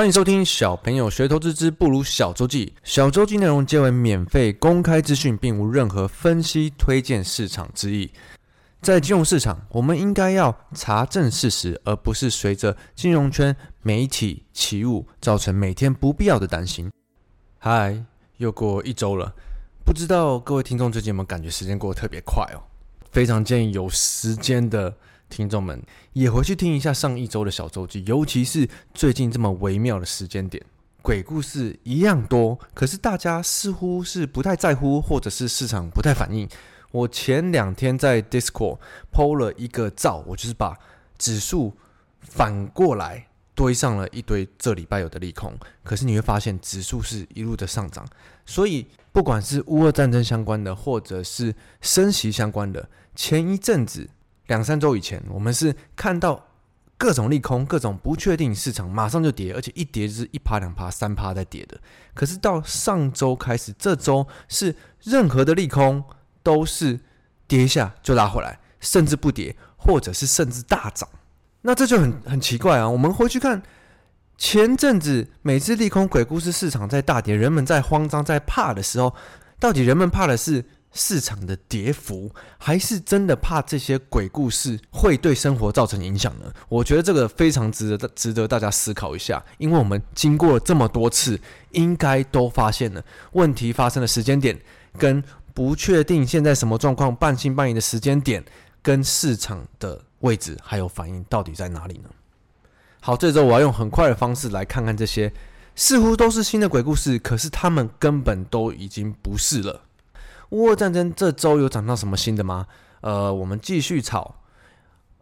歡迎收聽《小朋友學投資之不魯小周記》，小周記內容皆為免費公開資訊，並無任何分析、推薦市場之意。在金融市場，我們應該要查證事實，而不是隨着金融圈媒體起舞，造成每天不必要的擔心。嗨，又過一周了，不知道各位聽眾最近有沒有感覺時間過得特別快哦？非常建議有時間的。聽眾們也回去聽一下上一周的小周記，尤其是最近這麼微妙的時間點，鬼故事一樣多。可是大家似乎是不太在乎，或者是市場不太反應。我前兩天在 Discord po 了一個照，我就是把指數反過來堆上了一堆這禮拜有的利空，可是你會發現指數是一路的上漲。所以不管是烏俄戰爭相關的，或者是升息相關的，前一陣子。兩三週以前，我們是看到各種利空，各種不確定，市場馬上就跌，而且一跌就是一趴、兩趴、三趴在跌的。可是到上週開始，這週是任何的利空都是跌下就拉回來，甚至不跌，或者是甚至大漲。那這就很很奇怪啊！我們回去看前陣子每次利空，鬼故事市場在大跌，人們在慌張、在怕的時候，到底人們怕的是？市場的跌幅，還是真的怕這些鬼故事會對生活造成影響呢？我覺得這個非常值得值得大家思考一下，因為我們經過了這麼多次，應該都發現了問題發生的時間點，跟不確定現在什麼狀況、半信半疑的時間點，跟市場的位置還有反應到底在哪裡呢？好，這週我要用很快的方式來看看這些似乎都是新的鬼故事，可是他們根本都已經不是了。烏俄戰爭這周有講到什麼新的嗎？呃，我們繼續炒。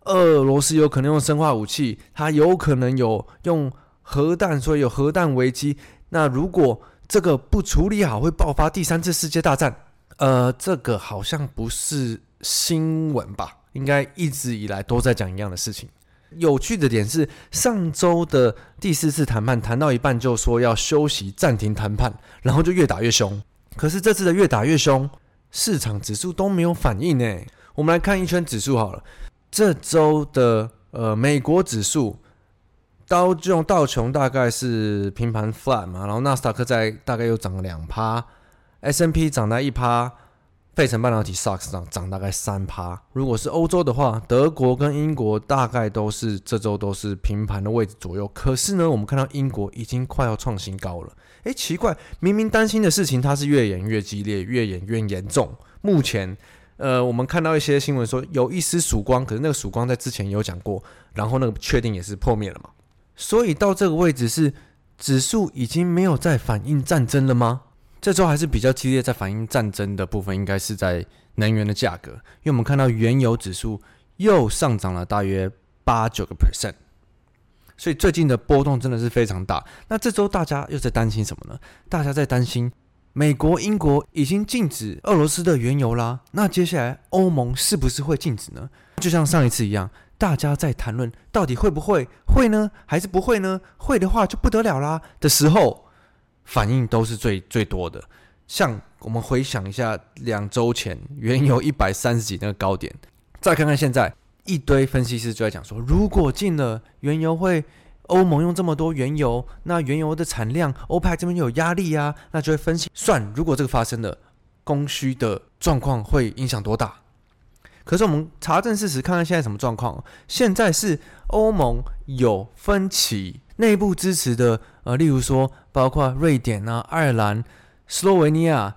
俄羅斯有可能用生化武器，它有可能有用核彈，所以有核彈危機。那如果這個不處理好，會爆發第三次世界大戰。呃，這個好像不是新聞吧？應該一直以來都在講一樣的事情。有趣的點是，上周的第四次談判談到一半就說要休息暫停談判，然後就越打越凶。可是這次的越打越凶，市場指數都沒有反應呢。我們來看一圈指數好了，這周的呃美國指數道用道瓊大概是平盤 flat 嘛，然後納斯達克在大概又漲了兩趴，S&P 漲了一趴。費城半導體 SOX 上漲大概三趴。如果是歐洲的話，德國跟英國大概都是這週都是平盤的位置左右。可是呢，我們看到英國已經快要創新高了。誒、欸，奇怪，明明擔心的事情，它是越演越激烈，越演越嚴重。目前，呃，我們看到一些新聞說有一絲曙光，可是那個曙光在之前也有講過，然後那個確定也是破滅了嘛。所以到這個位置是指數已經沒有再反映戰爭了嗎？這週還是比較激烈，在反映戰爭的部分，應該是在能源的價格，因為我們看到原油指數又上漲了大約八九個 percent，所以最近的波動真的是非常大。那這週大家又在擔心什麼呢？大家在擔心美國、英國已經禁止俄羅斯的原油啦啊，那接下來歐盟是不是會禁止呢？就像上一次一樣，大家在談論到底會不會會呢，還是不會呢？會的話就不得了啦的時候，反應都是最最多的。像我們回想一下兩週前原油一百三十幾那個高點，再看看現在，一堆分析師就在講說，如果進了原油會，歐盟用這麼多原油，那原油的產量，歐佩克這邊有壓力啊，那就會分析算，如果這個發生了，供需的狀況會影響多大？可是我們查證事實，看看現在什麼狀況？現在是歐盟有分歧。內部支持的，呃，例如說，包括瑞典啊、愛爾蘭、斯洛維尼亞、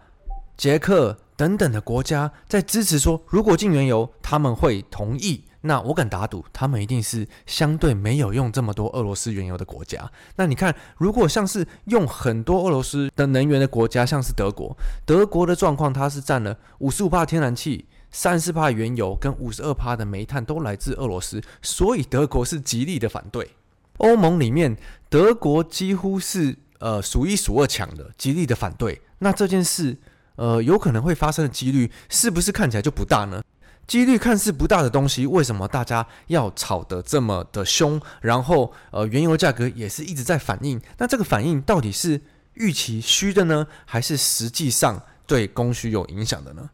捷克等等的國家，在支持說，如果禁原油，他們會同意。那我敢打賭，他們一定是相對沒有用這麼多俄羅斯原油的國家。那你看，如果像是用很多俄羅斯的能源的國家，像是德國，德國的狀況，它是佔了五十五帕天然氣、三十帕原油跟五十二帕的煤炭都來自俄羅斯，所以德國是極力的反對。歐盟裡面，德國幾乎是呃數一數二強的，極力的反對。那這件事，呃，有可能會發生的幾率，是不是看起來就不大呢？幾率看似不大的東西，為什麼大家要炒得這麼的兇？然後，呃，原油價格也是一直在反應。那這個反應到底是預期虛的呢，還是實際上對供需有影響的呢？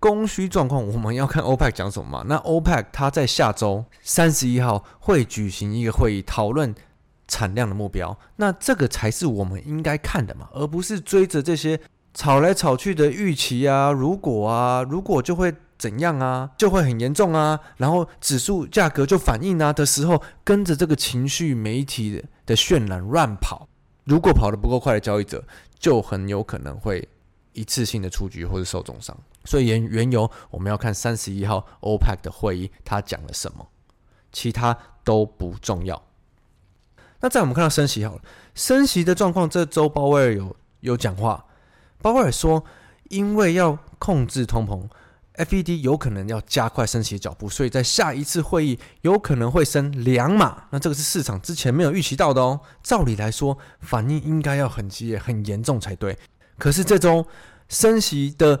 供需狀況，我們要看歐佩克講什麼嘛。那歐佩克它在下周三十一號會舉行一個會議，討論產量的目標。那這個才是我們應該看的嘛，而不是追着這些吵來吵去的預期啊。如果啊，如果就會怎樣啊，就會很嚴重啊。然後指數價格就反應啊的時候，跟着這個情緒媒體的渲染亂跑。如果跑得不夠快的交易者，就很有可能會一次性的出局或者受重傷。所以原原油，我們要看三十一號 OPEC 的會議，它講了什麼，其他都不重要。那再我們看到升息好了，升息的狀況，這周鮑威爾有有講話，鮑威爾說，因為要控制通膨，FED 有可能要加快升息的腳步，所以在下一次會議有可能會升兩碼，那這個是市場之前沒有預期到的哦。照理來說，反應應該要很激烈，很嚴重才對，可是這周升息的。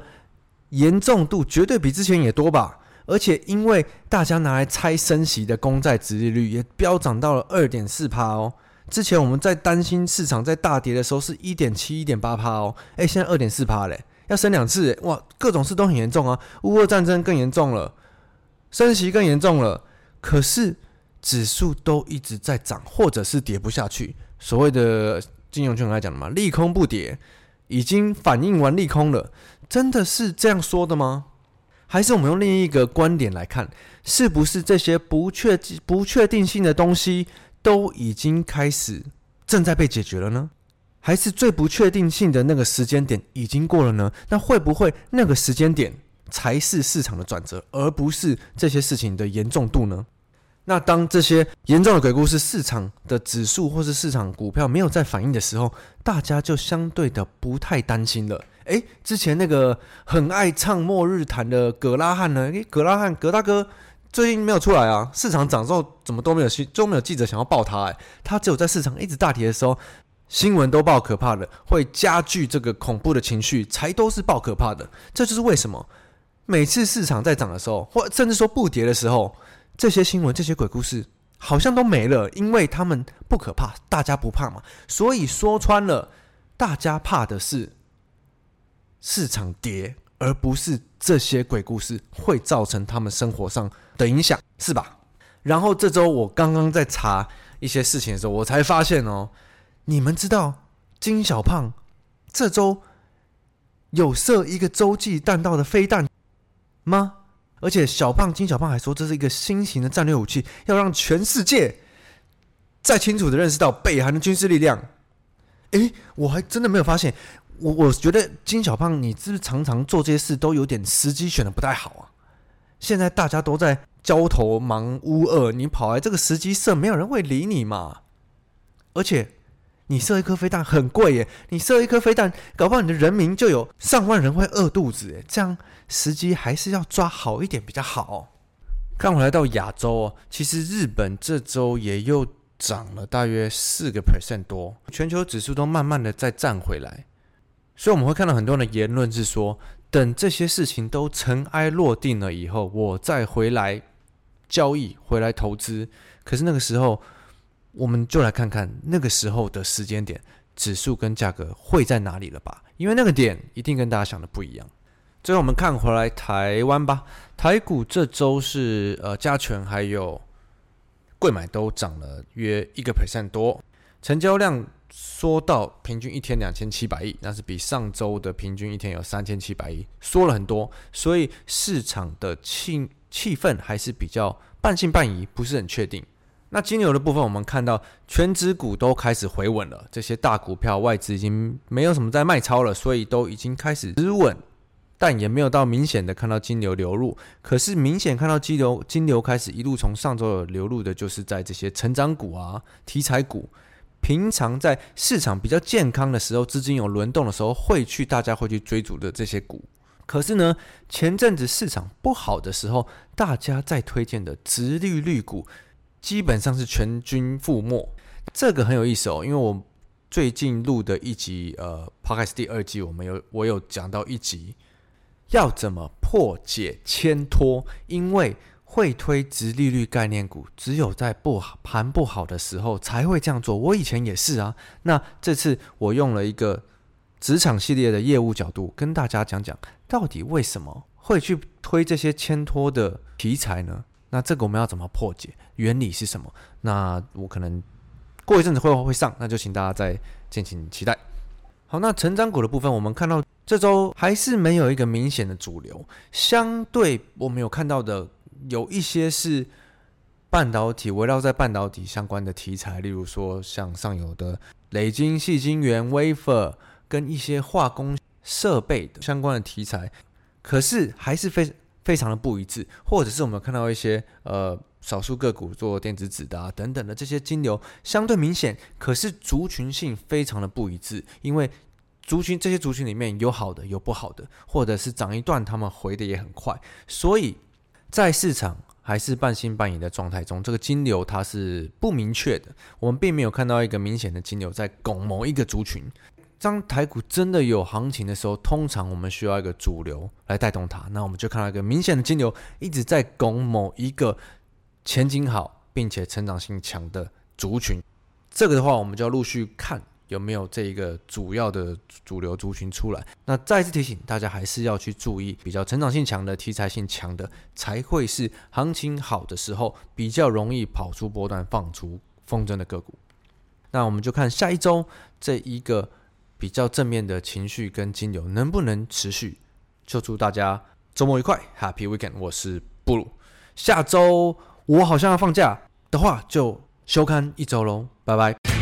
嚴重度絕對比之前也多吧，而且因為大家拿來猜升息的公債殖利率也飆漲到了二點四趴。哦。之前我們在擔心市場在大跌的時候是一點七一點八趴。哦，哎、欸，現在二點四趴嘞，要升兩次、欸、哇，各種事都很嚴重啊。烏俄戰爭更嚴重了，升息更嚴重了，可是指數都一直在漲，或者是跌不下去。所謂的金融圈來講嘛，利空不跌。已經反映完利空了，真的是這樣說的嗎？還是我們用另一個觀點來看，是不是這些不確不確定性的東西都已經開始正在被解決了呢？還是最不確定性的那個時間點已經過了呢？那會不會那個時間點才是市場的轉折，而不是這些事情的嚴重度呢？那當這些嚴重的鬼故事市場的指數或是市場股票沒有在反應的時候，大家就相對的不太擔心了。誒、欸，之前那個很愛唱末日談的葛拉漢呢？誒、欸，葛拉漢葛大哥最近沒有出來啊？市場漲之後怎麼都沒有新，都沒有記者想要報他誒、欸，他只有在市場一直大跌的時候，新聞都爆可怕的，會加劇這個恐怖的情緒，才都是爆可怕的。這就是為什麼每次市場在漲的時候，或甚至說不跌的時候，這些新聞、這些鬼故事好像都沒了，因為他們不可怕，大家不怕嘛。所以說穿了，大家怕的是市場跌，而不是這些鬼故事會造成他們生活上的影響，是吧？然後這周我剛剛在查一些事情的時候，我才發現哦，你們知道金小胖這周有射一個洲際彈道的飛彈嗎？而且小胖金小胖還說這是一個新型的戰略武器，要讓全世界再清楚的認識到北韓的軍事力量。誒，我還真的沒有發現，我我覺得金小胖你是不是常常做這些事都有點時機選的不太好啊？現在大家都在焦頭忙烏俄，你跑來這個時機社，沒有人會理你嘛。而且。你射一顆飛彈很貴耶，你射一顆飛彈，搞不好你的人民就有上萬人會餓肚子耶。這樣時機還是要抓好一點比較好哦。看我來到亞洲哦，其實日本這周也又漲了大約四個 percent 多，全球指數都慢慢的再漲回來，所以我們會看到很多人的言論是說，等這些事情都塵埃落定了以後，我再回來交易，回來投資。可是那個時候。我們就來看看那個時候的時間點，指數跟價格會在哪裡了吧？因為那個點一定跟大家想的不一樣。最後我們看回來台灣吧，台股這周是呃加權還有櫃買都漲了約一個 percent 多，成交量縮到平均一天兩千七百億，但是比上周的平均一天有三千七百億，縮了很多，所以市場的氣氣氛還是比較半信半疑，不是很確定。那金流的部分，我們看到權值股都開始回穩了，這些大股票外資已經沒有什麼在賣超了，所以都已經開始止穩，但也沒有到明顯的看到金流流入。可是明顯看到金流，金流開始一路從上周流入的，就是在這些成長股啊、題材股，平常在市場比較健康的時候，資金有輪動的時候，會去大家會去追逐的這些股。可是呢，前陣子市場不好的時候，大家在推薦的殖利率股。基本上是全軍覆沒，這個很有意思哦。因為我最近錄的一集呃，Podcast 第二季，我們有我有講到一集，要怎麼破解牽拖？因為會推殖利率概念股，只有在不盤不好的時候才會這樣做。我以前也是啊。那這次我用了一個職場系列的業務角度，跟大家講講，到底為什麼會去推這些牽拖的題材呢？那這個我們要怎麼破解？原理是什麼？那我可能過一陣子會會上，那就請大家再敬請期待。好，那成長股的部分，我們看到這周還是沒有一個明顯的主流，相對我們有看到的有一些是半導體，圍繞在半導體相關的題材，例如說像上游的磊晶、矽晶圓、Wafer 跟一些化工設備的相關的題材，可是還是非常。非常的不一致，或者是我們看到一些呃少數個股做電子紙的、啊、等等的這些金流相對明顯，可是族群性非常的不一致，因為族群這些族群裡面有好的有不好的，或者是漲一段他們回的也很快，所以在市場還是半信半疑的狀態中，這個金流它是不明確的，我們並沒有看到一個明顯的金流在拱某一個族群。當台股真的有行情的時候，通常我們需要一個主流來帶動它。那我們就看到一個明顯的金流一直在拱某一個前景好並且成長性強的族群。這個的話，我們就要陸續看有沒有這一個主要的主流族群出來。那再次提醒大家，還是要去注意比較成長性強的題材性強的，才會是行情好的時候比較容易跑出波段、放出風箏的個股。那我們就看下一周這一個。比較正面的情緒跟金流能不能持續？就祝大家周末愉快，Happy Weekend！我是不魯，下周我好像要放假的話，就休刊一周咯，拜拜。